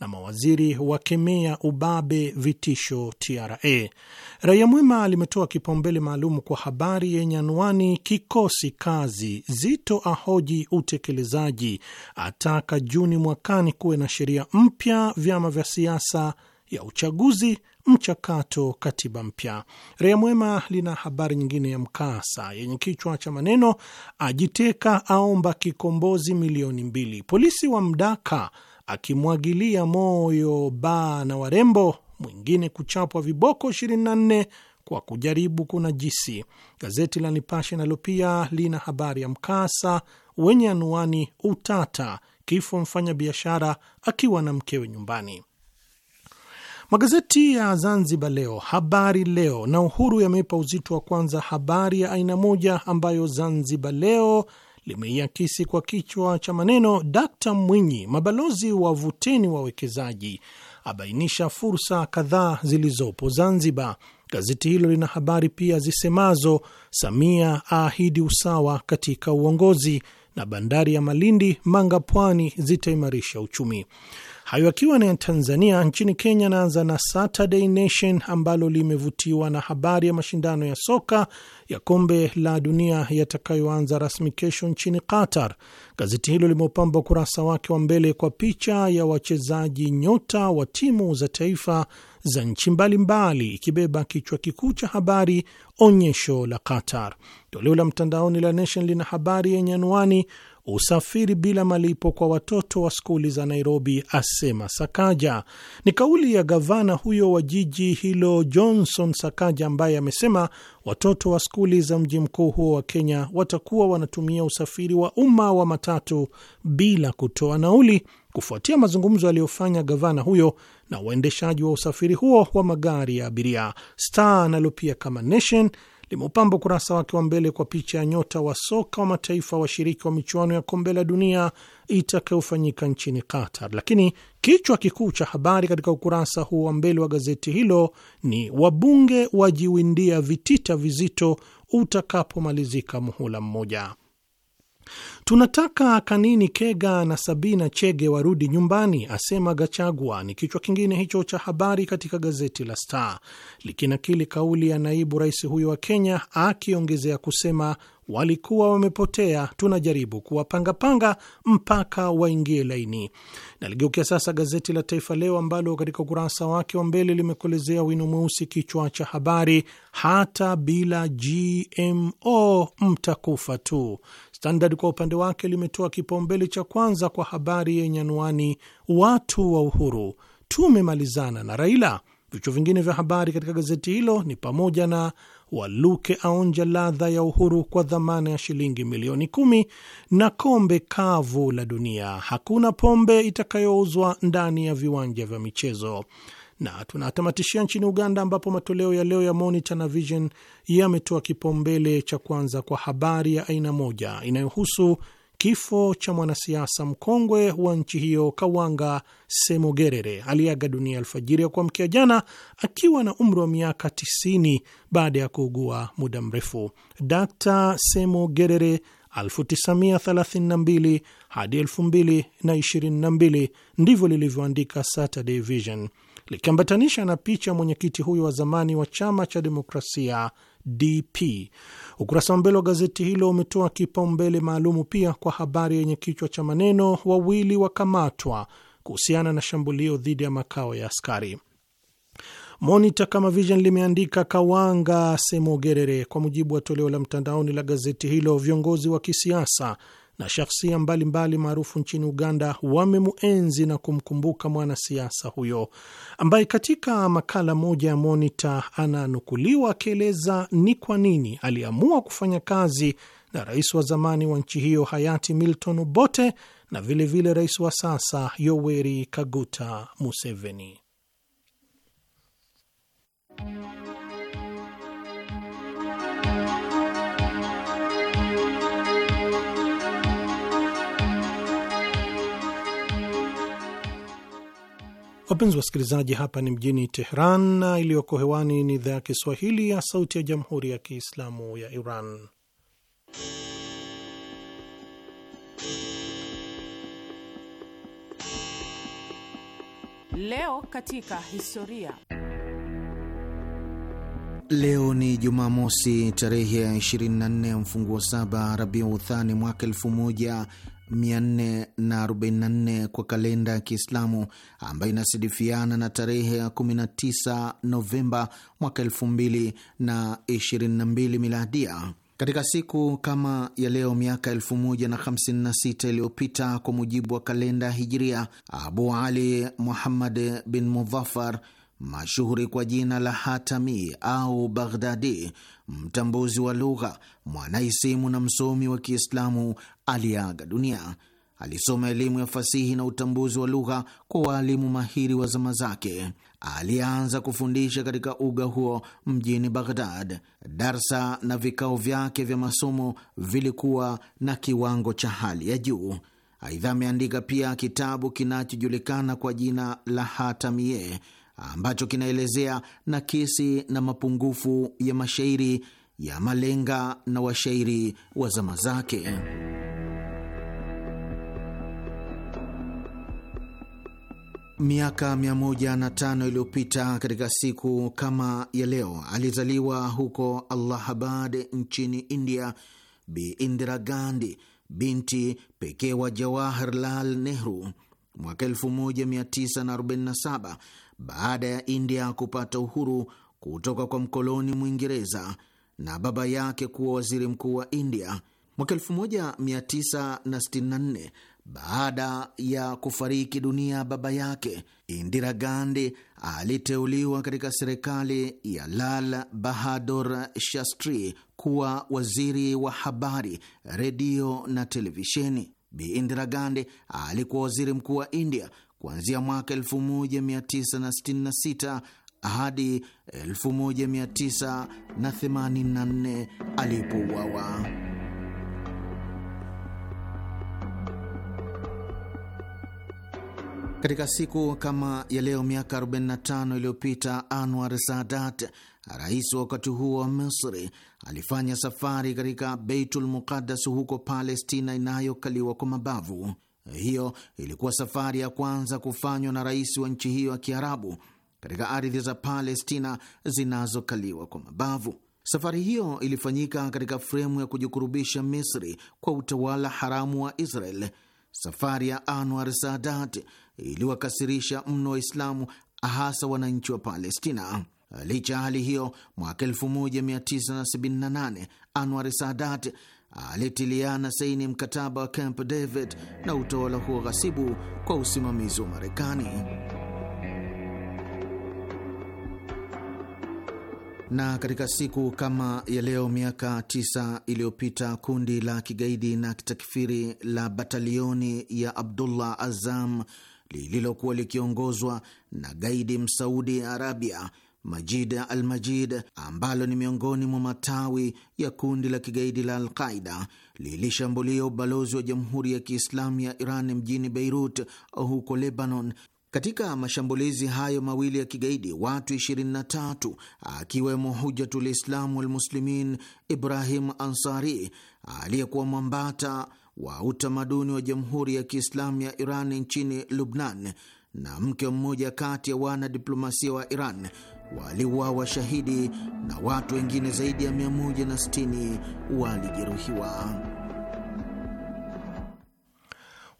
na mawaziri wakemea ubabe vitisho TRA. Raia Mwema limetoa kipaumbele maalum kwa habari yenye anwani kikosi kazi, Zito ahoji utekelezaji, ataka Juni mwakani kuwe na sheria mpya vyama vya siasa ya uchaguzi mchakato katiba mpya. Raia Mwema lina habari nyingine ya mkasa yenye kichwa cha maneno ajiteka aomba kikombozi milioni mbili, polisi wa mdaka akimwagilia moyo baa na warembo, mwingine kuchapwa viboko 24 kwa kujaribu kunajisi. Gazeti la Nipashe nalo pia lina habari ya mkasa wenye anuani utata, kifo mfanya biashara akiwa na mkewe nyumbani. Magazeti ya Zanzibar Leo, Habari Leo na Uhuru yameipa uzito wa kwanza habari ya aina moja ambayo Zanzibar Leo limeiakisi kwa kichwa cha maneno Dkt Mwinyi, mabalozi wavuteni wawekezaji, abainisha fursa kadhaa zilizopo Zanzibar. Gazeti hilo lina habari pia zisemazo Samia aahidi usawa katika uongozi na bandari ya Malindi, Manga, Pwani zitaimarisha uchumi. Hayo akiwa na Tanzania. Nchini Kenya, naanza na Saturday Nation ambalo limevutiwa na habari ya mashindano ya soka ya kombe la dunia yatakayoanza rasmi kesho nchini Qatar. Gazeti hilo limeupamba ukurasa wake wa mbele kwa picha ya wachezaji nyota wa timu za taifa za nchi mbalimbali, ikibeba kichwa kikuu cha habari onyesho la Qatar. Toleo la mtandaoni la Nation lina habari yenye anwani usafiri bila malipo kwa watoto wa skuli za Nairobi, asema Sakaja. Ni kauli ya gavana huyo wa jiji hilo Johnson Sakaja, ambaye amesema watoto wa skuli za mji mkuu huo wa Kenya watakuwa wanatumia usafiri wa umma wa matatu bila kutoa nauli, kufuatia mazungumzo aliyofanya gavana huyo na uendeshaji wa usafiri huo wa magari ya abiria. Star analopia kama Nation limeupamba ukurasa wake wa mbele kwa picha ya nyota wa soka wa mataifa washiriki wa michuano ya kombe la dunia itakayofanyika nchini Qatar. Lakini kichwa kikuu cha habari katika ukurasa huu wa mbele wa gazeti hilo ni wabunge wajiwindia vitita vizito utakapomalizika muhula mmoja. Tunataka Kanini Kega na Sabina Chege warudi nyumbani, asema Gachagua, ni kichwa kingine hicho cha habari katika gazeti la Star likinakili kauli ya naibu rais huyo wa Kenya, akiongezea kusema walikuwa wamepotea, tunajaribu kuwapangapanga mpaka waingie laini. Naligeukia sasa gazeti la Taifa Leo ambalo katika ukurasa wake wa mbele limekuelezea wino mweusi kichwa cha habari, hata bila GMO mtakufa tu. Standard kwa upande wake limetoa kipaumbele cha kwanza kwa habari yenye anwani watu wa Uhuru tumemalizana na Raila. Vichwa vingine vya habari katika gazeti hilo ni pamoja na Waluke aonja ladha ya uhuru kwa dhamana ya shilingi milioni kumi na kombe kavu la dunia, hakuna pombe itakayouzwa ndani ya viwanja vya michezo. Na tunatamatishia nchini Uganda, ambapo matoleo ya leo ya Monitor na Vision yametoa kipaumbele cha kwanza kwa habari ya aina moja inayohusu kifo cha mwanasiasa mkongwe wa nchi hiyo Kawanga Semogerere aliyeaga dunia alfajiri ya kuamkia jana akiwa na umri wa miaka 90 baada ya kuugua muda mrefu. Dr Semogerere 1932 hadi 2022 ndivyo lilivyoandika Saturday Vision likiambatanisha na picha mwenyekiti huyo wa zamani wa chama cha demokrasia DP. Ukurasa wa mbele wa gazeti hilo umetoa kipaumbele maalumu pia kwa habari yenye kichwa cha maneno wawili wakamatwa kuhusiana na shambulio dhidi ya makao ya askari. Monitor kama Vision limeandika Kawanga Semogerere. Kwa mujibu wa toleo la mtandaoni la gazeti hilo, viongozi wa kisiasa na shakhsia mbalimbali maarufu nchini Uganda wamemuenzi na kumkumbuka mwanasiasa huyo ambaye katika makala moja ya Monita ananukuliwa akieleza ni kwa nini aliamua kufanya kazi na rais wa zamani wa nchi hiyo hayati Milton Obote na vilevile vile rais wa sasa Yoweri Kaguta Museveni. Wapenzi wasikilizaji, hapa ni mjini Tehran na iliyoko hewani ni idhaa ya Kiswahili ya Sauti ya Jamhuri ya Kiislamu ya Iran. Leo katika historia. Leo ni Jumamosi tarehe ya 24 mfunguo saba Rabiu Uthani mwaka 1400 444 kwa kalenda ya Kiislamu ambayo inasidifiana na tarehe ya 19 Novemba mwaka 2022 miladia. Katika siku kama ya leo miaka 1056 iliyopita kwa mujibu wa kalenda Hijiria, Abu Ali Muhammad bin Mudhafar mashuhuri kwa jina la Hatami au Baghdadi, mtambuzi wa lugha, mwanaisimu na msomi wa Kiislamu aliyeaga dunia. Alisoma elimu ya fasihi na utambuzi wa lugha kwa waalimu mahiri wa zama zake. Alianza kufundisha katika uga huo mjini Baghdad. Darsa na vikao vyake vya masomo vilikuwa na kiwango cha hali ya juu. Aidha, ameandika pia kitabu kinachojulikana kwa jina la Hatamie ambacho kinaelezea nakisi na mapungufu ya mashairi ya malenga na washairi wa zama zake. Miaka 105 iliyopita katika siku kama ya leo alizaliwa huko Allahabad nchini India Bi Indira Gandhi, binti pekee wa Jawaharlal Nehru. Mwaka 1947 baada ya India kupata uhuru kutoka kwa mkoloni Mwingereza na baba yake kuwa waziri mkuu wa India, mwaka 1964 baada ya kufariki dunia baba yake, Indira Gandhi aliteuliwa katika serikali ya Lal Bahadur Shastri kuwa waziri wa habari, redio na televisheni. Bi Indira Gandhi alikuwa waziri mkuu wa India kuanzia mwaka 1966 hadi 1984 alipouawa. Katika siku kama ya leo miaka 45 iliyopita Anwar Sadat, rais wa wakati huo wa Misri, alifanya safari katika Beitul Muqaddas huko Palestina inayokaliwa kwa mabavu. Hiyo ilikuwa safari ya kwanza kufanywa na rais wa nchi hiyo ya Kiarabu katika ardhi za Palestina zinazokaliwa kwa mabavu. Safari hiyo ilifanyika katika fremu ya kujikurubisha Misri kwa utawala haramu wa Israel. Safari ya Anwar Sadat iliwakasirisha mno Waislamu, hasa wananchi wa Palestina. Licha ya hali hiyo, mwaka 1978 Anwar Sadat alitiliana saini mkataba wa Camp David na utawala huo ghasibu kwa usimamizi wa Marekani. na katika siku kama ya leo miaka tisa iliyopita kundi la kigaidi na kitakfiri la batalioni ya Abdullah Azam lililokuwa likiongozwa na gaidi Msaudi Arabia Majid al Majid, ambalo ni miongoni mwa matawi ya kundi la kigaidi la Alqaida, lilishambulia ubalozi wa Jamhuri ya Kiislamu ya Iran mjini Beirut huko Lebanon. Katika mashambulizi hayo mawili ya kigaidi watu 23 akiwemo Hujatul Islamu Walmuslimin Ibrahim Ansari aliyekuwa mwambata wa utamaduni wa Jamhuri ya Kiislamu ya Iran nchini Lubnan na mke mmoja kati ya wanadiplomasia wa Iran waliuawa shahidi na watu wengine zaidi ya 160 walijeruhiwa.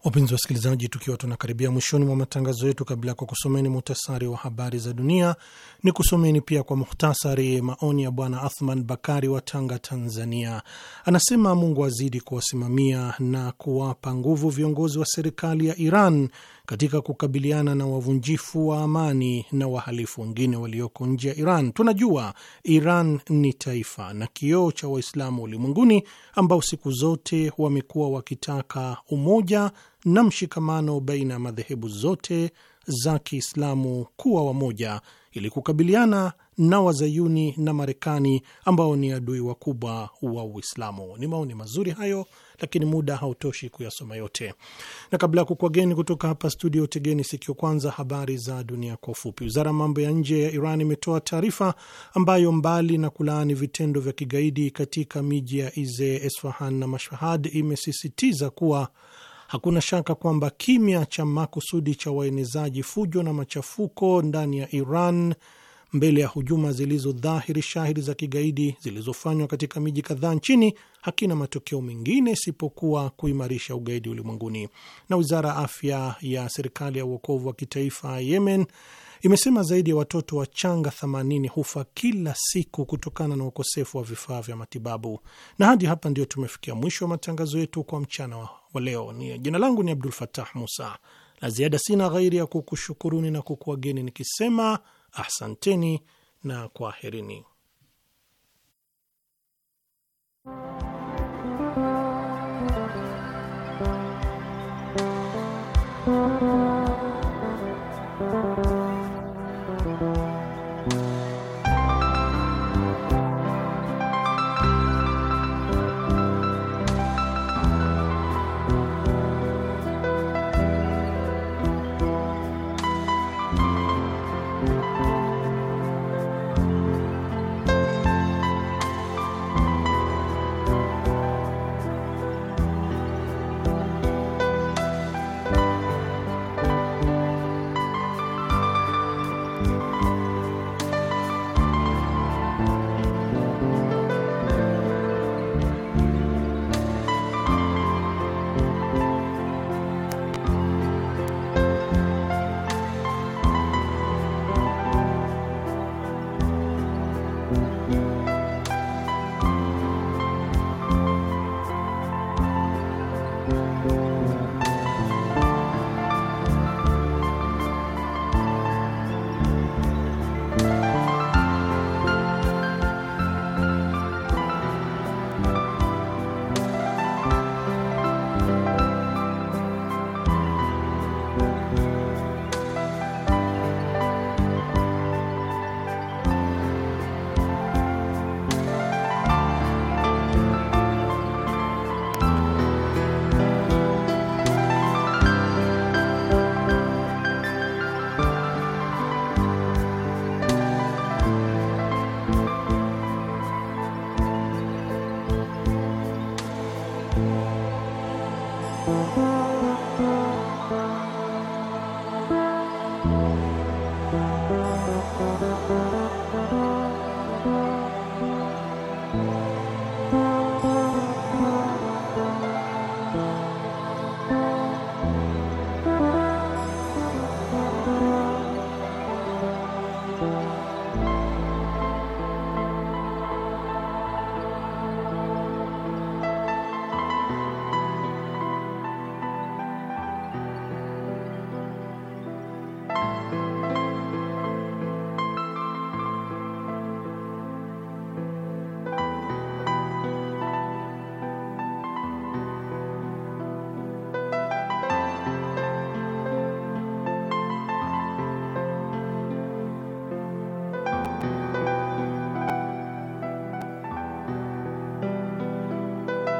Wapenzi wasikilizaji, tukiwa tunakaribia mwishoni mwa matangazo yetu, kabla ya kwa kusomeni muhtasari wa habari za dunia, ni kusomeni pia kwa muhtasari maoni ya Bwana Athman Bakari wa Tanga, Tanzania. Anasema Mungu azidi kuwasimamia na kuwapa nguvu viongozi wa serikali ya Iran katika kukabiliana na wavunjifu wa amani na wahalifu wengine walioko nje ya Iran. Tunajua Iran ni taifa na kioo cha Waislamu ulimwenguni ambao siku zote wamekuwa wakitaka umoja na mshikamano baina ya madhehebu zote za Kiislamu kuwa wamoja ili kukabiliana na wazayuni na Marekani ambao ni adui wakubwa wa Uislamu. Ni maoni mazuri hayo, lakini muda hautoshi kuyasoma yote, na kabla ya kukwageni kutoka hapa studio, tegeni sikio kwanza habari za dunia kwa ufupi. Wizara ya mambo ya nje ya Iran imetoa taarifa ambayo mbali na kulaani vitendo vya kigaidi katika miji ya Ize, Esfahan na Mashhad, imesisitiza kuwa Hakuna shaka kwamba kimya cha makusudi cha waenezaji fujo na machafuko ndani ya Iran mbele ya hujuma zilizo dhahiri shahiri za kigaidi zilizofanywa katika miji kadhaa nchini hakina matokeo mengine isipokuwa kuimarisha ugaidi ulimwenguni. Na wizara ya afya ya serikali ya uokovu wa kitaifa Yemen imesema zaidi ya watoto wachanga 80 hufa kila siku kutokana na ukosefu wa vifaa vya matibabu. Na hadi hapa ndio tumefikia mwisho wa matangazo yetu kwa mchana wa wa leo. Ni jina langu ni Abdul fatah Musa. La ziada sina ghairi ya kukushukuruni na kukuwageni nikisema ahsanteni na kwaherini.